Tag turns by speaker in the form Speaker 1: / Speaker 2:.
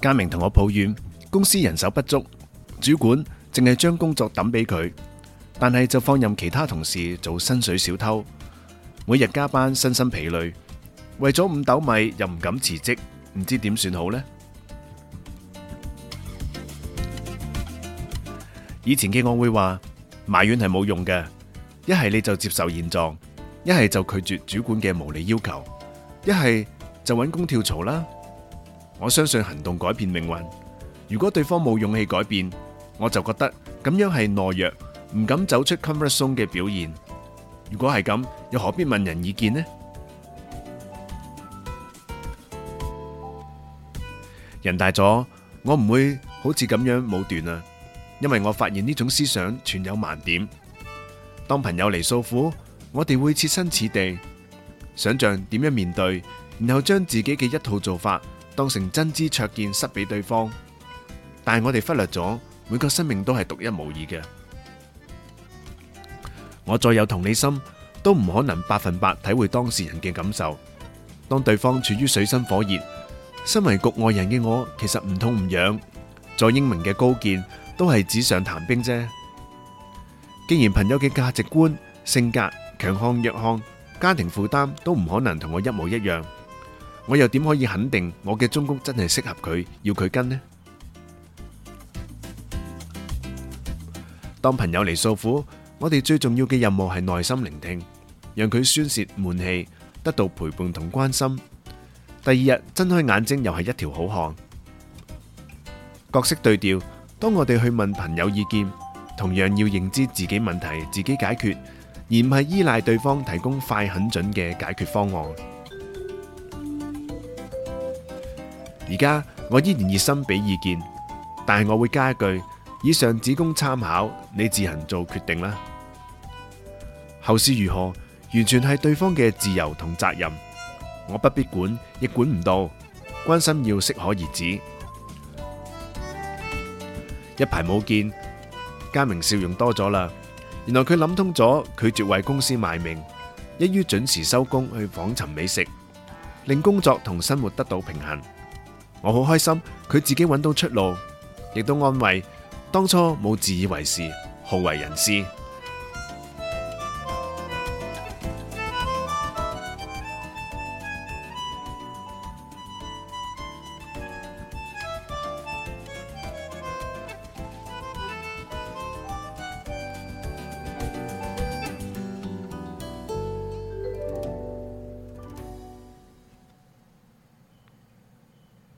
Speaker 1: 家明同我抱怨，公司人手不足，主管淨係將工作抌俾佢，但係就放任其他同事做薪水小偷，每日加班身心疲累，為咗五斗米又唔敢辭職，唔知點算好呢？以前嘅我會話，埋怨係冇用嘅，一係你就接受現狀，一係就拒絕主管嘅無理要求，一係就揾工跳槽啦。我相信行動改變命運。如果對方冇勇氣改變，我就覺得咁樣係懦弱，唔敢走出 comfort zone 嘅表現。如果係咁，又何必問人意見呢？人大咗，我唔會好似咁樣武斷啊，因為我發現呢種思想存有盲點。當朋友嚟訴苦，我哋會設身處地，想象點樣面對，然後將自己嘅一套做法當成真知灼見塞俾對方，但係我哋忽略咗每個生命都係獨一無二嘅。我再有同理心，都唔可能百分百體會當事人嘅感受。當對方處於水深火熱，身為局外人嘅我，其實唔痛唔痕。再英明嘅高見，都係紙上談兵啫。既然朋友嘅價值觀、性格、強項、弱項、家庭負擔，都唔可能同我一模一樣。我又點可以肯定我嘅忠告真係適合佢，要佢跟呢？當朋友嚟訴苦，我哋最重要嘅任務係耐心聆聽，讓佢宣洩悶氣，得到陪伴同關心。第二日睜開眼睛又係一條好漢。角色對調，當我哋去問朋友意見，同樣要認知自己問題，自己解決，而唔係依賴對方提供快、狠準嘅解決方案。而家我依然熱心俾意見，但係我會加一句：以上只供參考，你自行做決定啦。後事如何，完全係對方嘅自由同責任，我不必管，亦管唔到。關心要適可而止。一排冇見，家明笑容多咗啦。原來佢諗通咗，拒絕為公司賣命，一於準時收工去訪尋美食，令工作同生活得到平衡。我好開心，佢自己揾到出路，亦都安慰當初冇自以為是、好為人師。